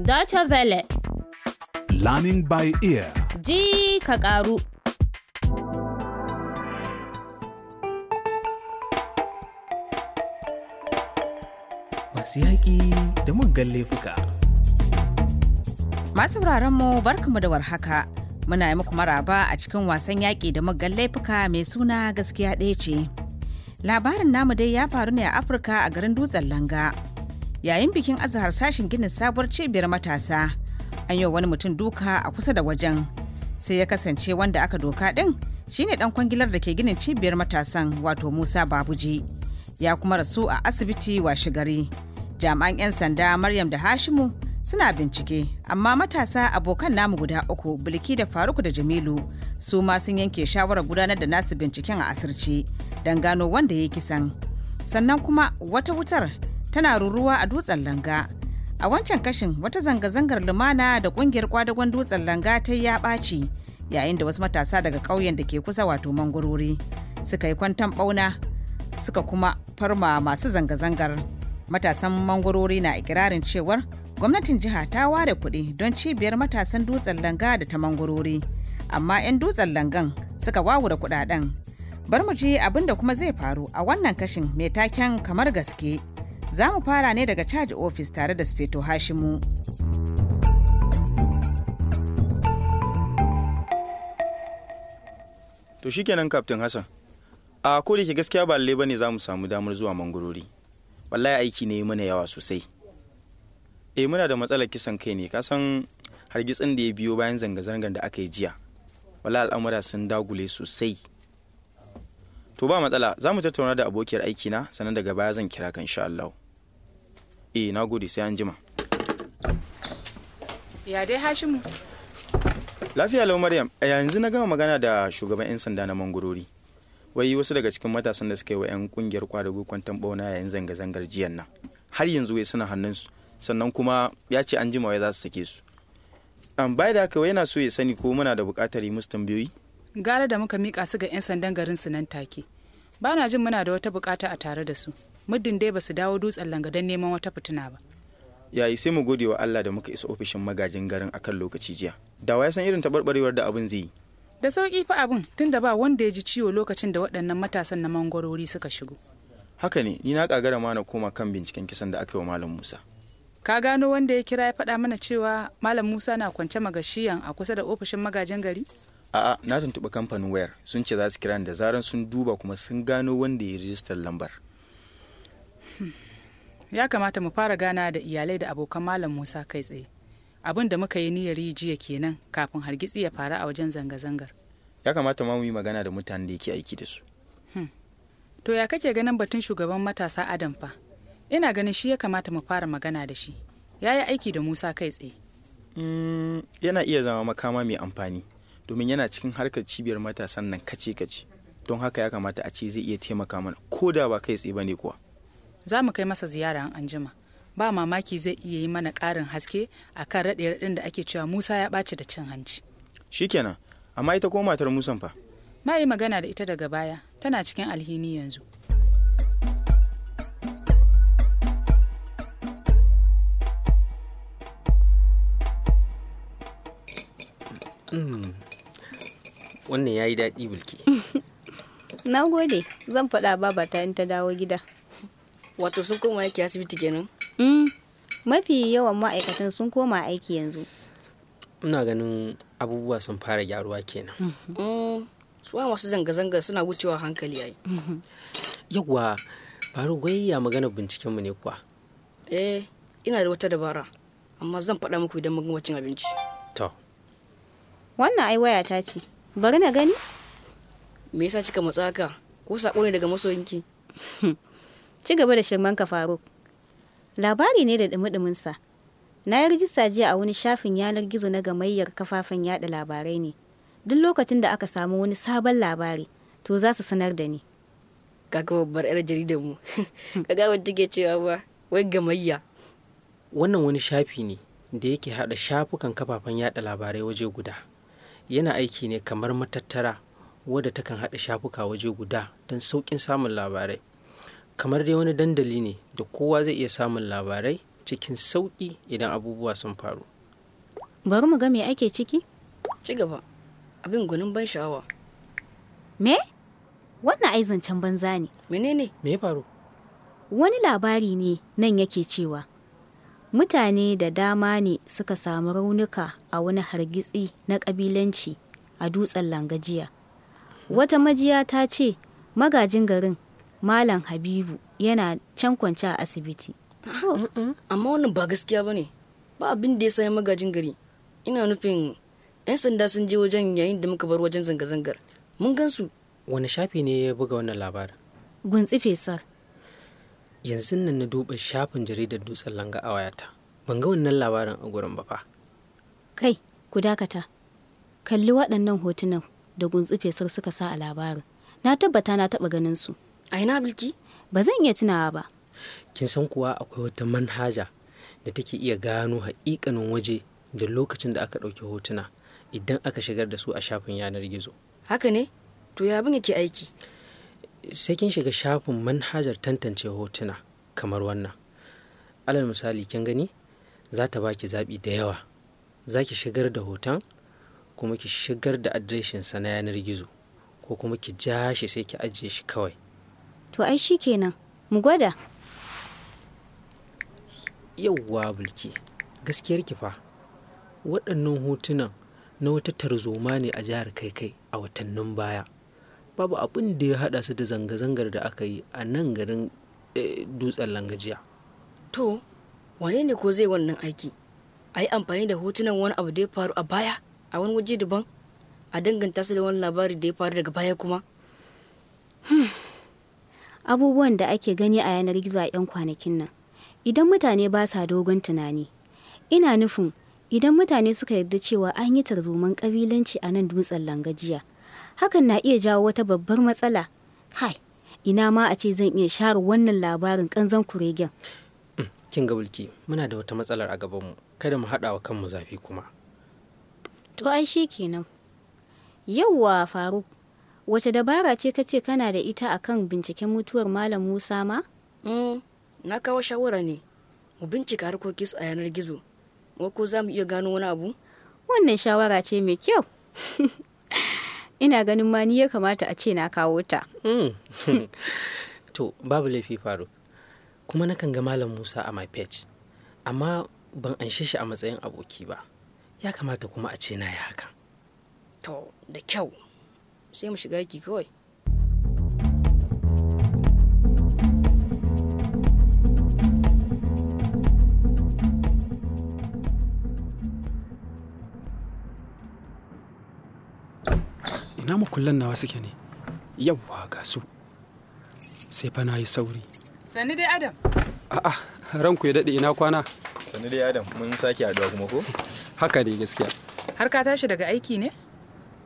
Deutsche Welle. Learning by ear. Ji ka ƙaru. Masu yaƙi da muggan laifuka. Masu mu barkamu da warhaka. Muna yi muku maraba a cikin wasan yaƙi da muggan laifuka mai suna gaskiya ɗaya ce. Labarin namu dai ya faru ne a Afirka a garin Dutsen Langa. yayin bikin azahar sashen ginin sabuwar cibiyar matasa an yi wani mutum duka a kusa da wajen sai ya kasance wanda aka doka din shine dan kwangilar da ke ginin cibiyar matasan wato musa babuji ya kuma rasu a asibiti washe gari jami'an 'yan sanda maryam da hashimu suna bincike amma matasa abokan namu guda uku bilki da faruku da jamilu su ma sun yanke shawarar gudanar da nasu binciken a asirce don gano wanda ya kisan sannan kuma wata wutar tana ruruwa a dutsen langa a wancan kashin wata zanga-zangar lumana da kungiyar kwadagon dutsen langa ta yi ya ɓaci yayin da wasu matasa daga ƙauyen da ke kusa wato mangurori suka yi kwantan ɓauna suka kuma farma masu zanga-zangar matasan mangurori na ikirarin cewar gwamnatin jiha ta ware kuɗi don cibiyar matasan dutsen langa da ta mangurori amma 'yan dutsen langan suka wawura kuɗaɗen bar mu ji abin da kuma zai faru a wannan kashin mai taken kamar gaske Za mu fara ne daga caji ofis tare da Sufeto Hashimu. To shikenan Kaftin Hassan. A ko da ke gaskiya ba lalle bane za mu samu damar zuwa mangurori. Wallahi aiki ne mana yawa sosai. Eh muna da matsalar kisan kai ne, kasan hargitsin da ya biyo bayan zanga-zangar da aka yi jiya. Wallahi al'amura sun dagule sosai. To ba matsala, za mu tattauna da abokiyar aikina sannan daga baya zan kira ka insha Allah. eh na gode sai an jima ya dai hashimu lafiya lau maryam a yanzu na gama magana da shugaban 'yan sanda na mangurori wai wasu daga cikin matasan da suka yi wa 'yan kungiyar kwadago kwantan bauna yayin zanga-zangar jiyan nan har yanzu wai suna hannunsu sannan kuma ya ce an jima wai za su sake su an bai da haka wai yana so ya sani ko muna da buƙatar yi musu tambayoyi gara da muka mika su ga 'yan sandan garin su nan take ba na jin muna da wata bukata a tare da su muddin dai ba su dawo dutsen langadan neman wata fitina ba yayi sai mu gode wa Allah da muka isa ofishin magajin garin akan lokaci jiya wa ya san irin tabarbarewar da abin zai yi da sauki fa abin tunda ba wanda ya ji ciwo lokacin da waɗannan matasan na mangwarori suka shigo haka ne ni na kagara ma na koma kan binciken kisan da aka yi wa malam Musa ka gano wanda ya kira ya faɗa mana cewa malam Musa na kwance magashiyan a kusa da ofishin magajin gari a'a na tuntuɓi kamfanin wayar sun ce za su kira da zaran sun duba kuma sun gano wanda ya rijistar lambar ya kamata mu fara gana da iyalai da abokan malam musa kai tsaye abin da muka yi niyyar yi jiya kenan kafin hargitsi ya faru a wajen zanga-zangar ya kamata ma mu yi magana da mutanen da yake aiki da su hmm. to ya kake ganin batun shugaban matasa adam fa ina ganin shi ya kamata mu fara magana da shi ya yi aiki da musa kai tsaye hmm, yana iya zama makama mai amfani domin yana cikin harkar cibiyar matasan nan kace-kace don haka ya kamata a ce zai iya taimaka mana ko da ba kai tsaye ba ne kuwa za mu kai masa ziyara an anjima ba mamaki zai iya yi mana ƙarin haske a kan raɗe-raɗin da ake cewa musa ya ɓaci da cin hanci shikenan amma ita ko matar musan fa ma yi magana da ita daga baya tana cikin alhini yanzu hmm. wannan ya yi daɗi bilki na gode zan faɗa babata in ta dawo gida wato sun koma aiki asibiti kenan mm. mafi yawan ma'aikatan sun koma aiki yanzu ina ganin abubuwa sun fara gyaruwa kenan Suwa -hmm. Mm. masu zanga-zanga suna wucewa hankali yayi -hmm. yawwa faru ya magana mu ne kuwa eh ina da wata dabara amma zan faɗa muku idan mun gama abinci to wannan ai waya ta ce bari na gani me yasa kika matsaka? ko sako ne daga masoyinki Ci gaba da ka Faruk. Labari ne da ɗumi-ɗuminsa. Na yi rijista jiya a wani shafin yanar gizo na gamayyar kafafen yada labarai ne. Duk lokacin da aka samu wani sabon labari, to za su sanar da ni. Kaga babbar 'yar jaridar mu. Kaga wadda ke cewa ba, wai gamayya. Wannan wani shafi ne da yake haɗa shafukan kafafen yada labarai waje guda. Yana aiki ne kamar matattara wadda takan haɗa shafuka waje guda don sauƙin samun labarai. kamar dai wani dandali ne da kowa zai iya samun labarai cikin sauƙi idan abubuwa sun faru bari mu ga me ake ciki ci gaba abin gwanin ban sha'awa me wannan ai zancen banza ne menene me faru wani labari ne nan yake cewa mutane da dama ne suka samu raunuka a wani hargitsi na kabilanci a dutsen langajiya wata majiya ta ce magajin garin malam habibu yana can kwance a asibiti amma wannan ba gaskiya ba ne ba abin da ya sayi magajin gari ina nufin 'yan sanda sun je wajen yayin da muka bar wajen zanga-zangar mun gansu wani shafi ne ya buga wannan labarin guntsi fesar yanzu nan na duba shafin jaridar dutsen langa a wayata ban ga wannan labarin a gurin ba fa kai ku dakata kalli waɗannan hotunan da guntsi fesar suka sa a labarin na tabbata na taɓa ganin su a ina bilki ba zan iya tunawa ba kin san kuwa akwai wata manhaja da take iya gano haƙiƙanin waje da lokacin da aka ɗauki hotuna idan aka shigar da su a shafin yanar gizo haka ne to ya bin yake aiki sai kin shiga shafin manhajar tantance hotuna kamar wannan alal misali kin gani za ta baki zaɓi da yawa za ki shigar da hoton kuma ki shigar da adireshinsa na yanar gizo ko kuma ki ja shi sai ki ajiye shi kawai To ai shi kenan, mu gwada. Yauwa bulke, gaskiyar kifa waɗannan hotunan na wata tarzoma ne a jihar kai kai a watannin baya. Babu abin da ya haɗa su da zanga-zangar da aka yi a nan garin eh, dutsen langajiya. To, wane ne ko zai wannan aiki? A yi amfani da hotunan wani abu da ya faru a baya a wani waje daban? A danganta su da wani labari da ya faru daga baya kuma? Hmm. abubuwan da ake gani a yanar gizo a 'yan kwanakin nan idan mutane ba sa dogon tunani ina nufin idan mutane suka yarda cewa an yi tarzoman kabilanci a nan dutsen langajiya hakan na iya jawo wata babbar matsala hai ina ma a ce zan iya share wannan labarin kanzan kuregen mm, kin ga bulki muna da wata matsalar a gabanmu kada mu haɗa wa kanmu zafi kuma to ai shi kenan yawwa faruk wace dabara ce kace kana da ita akan binciken mutuwar malam musa ma mm, na kawo shawara ne mu bincika harkokin a yanar gizo ko za mu iya gano wani abu wannan shawara ce mai kyau ina ganin ma ni ya kamata a ce na kawo ta mm. to babu laifi faru kuma nakan ga malam musa a my page amma ban anshe shi a matsayin aboki ba ya kamata kuma a ce na yi haka. to da kyau sai mu shiga yaki kawai ina makullan nawa suke ne yawwa ga su sai fa na yi sauri sani dai adam a'a ranku ya daɗe ina kwana sani dai adam mun sake haɗuwa kuma ko haka dai gaskiya har ka tashi daga aiki ne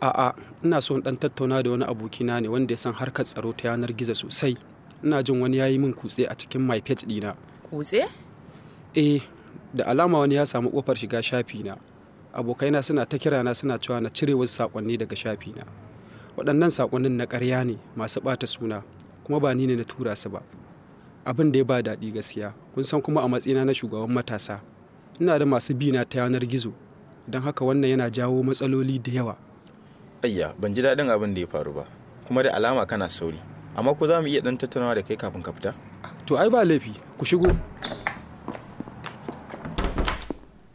a'a ina so dan tattauna da wani abokina ne wanda ya san harkar tsaro ta yanar gizo sosai ina jin wani yayi min kutse a cikin my page dina kutse eh da alama wani ya samu kofar shiga shafi na abokaina suna ta kirana suna cewa na cire wasu sakonni daga shafi na waɗannan sakonnin na ƙarya ne masu ɓata suna kuma ba ni ne na tura su ba abin da ya ba daɗi gaskiya kun san kuma a matsayina na shugaban matasa ina da masu bi na ta yanar gizo don haka wannan yana jawo matsaloli da yawa ayya ban ji daɗin abin da ya faru ba kuma da alama kana sauri amma ko za mu iya ɗan tattaunawa da kai kafin ka fita to ai ba laifi ku shigo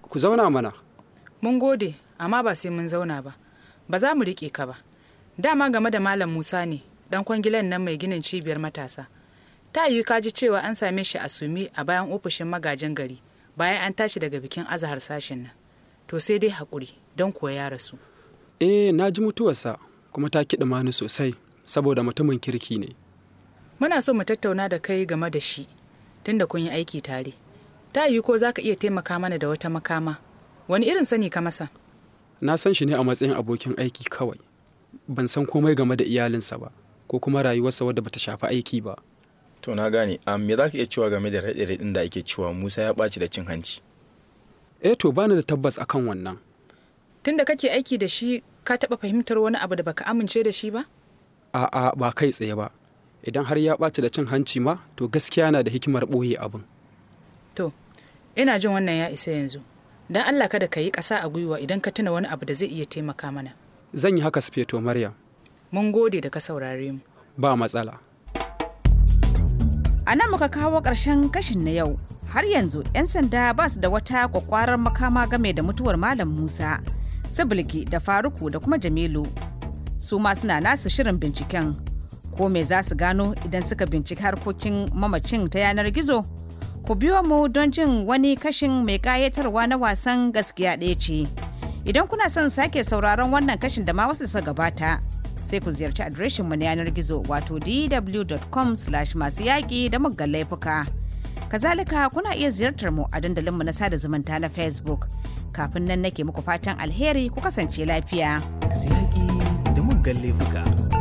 ku zauna mana mun gode amma ba sai mun zauna ba ba za mu riƙe ka ba dama game da malam musa ne dan kwangilan nan mai ginin cibiyar matasa ta yi ji cewa an same shi a sumi a bayan ofishin magajin gari bayan an tashi daga bikin azahar sashin nan to sai dai haƙuri don kuwa ya rasu eh na ji mutuwarsa kuma ta kiɗa mani sosai saboda mutumin kirki ne muna so mu tattauna da kai game da shi tun da kun yi aiki tare ta yi ko za ka iya taimaka mana da wata makama wani irin sani ka masa na san shi ne a matsayin abokin aiki kawai ban san komai game da iyalinsa ba ko kuma rayuwarsa wadda bata shafi aiki ba to na gane amma me za ka iya cewa game da raɗe-raɗin da ake cewa musa ya ɓaci da cin hanci eh to bani da tabbas akan wannan da kake aiki da shi ka taba fahimtar wani abu da baka amince da shi ba? A'a ba kai tsaye ba. Idan har ya ɓaci da cin hanci ma, to gaskiya na da hikimar ɓoye abin. To, ina jin wannan ya isa yanzu. dan Allah kada ka yi ƙasa a gwiwa idan ka tuna wani abu da zai iya taimaka mana. Zan yi haka sufeto Maryam. Mun gode da ka saurare mu. Ba matsala. A nan muka kawo ƙarshen kashin na yau. Har yanzu 'yan sanda ba su da wata kwakwarar makama game da mutuwar Malam Musa. Sabulki da Faruku da kuma Jamilu. Su ma suna nasu shirin binciken. Ko me za su gano idan suka binciki harkokin mamacin ta yanar gizo? Ku biyo mu don jin wani kashin mai kayatarwa na wasan gaskiya ɗaya ce. Idan kuna son sake sauraron wannan kashin da ma wasu sa gabata, sai ku ziyarci adireshin mu na yanar gizo wato dw.com masu yaƙi da muggan laifuka. Kazalika kuna iya ziyartar mu a dandalinmu na sada zumunta na Facebook. kafin nan nake muku fatan alheri ku kasance lafiya. Siyaki da muggan laifuka.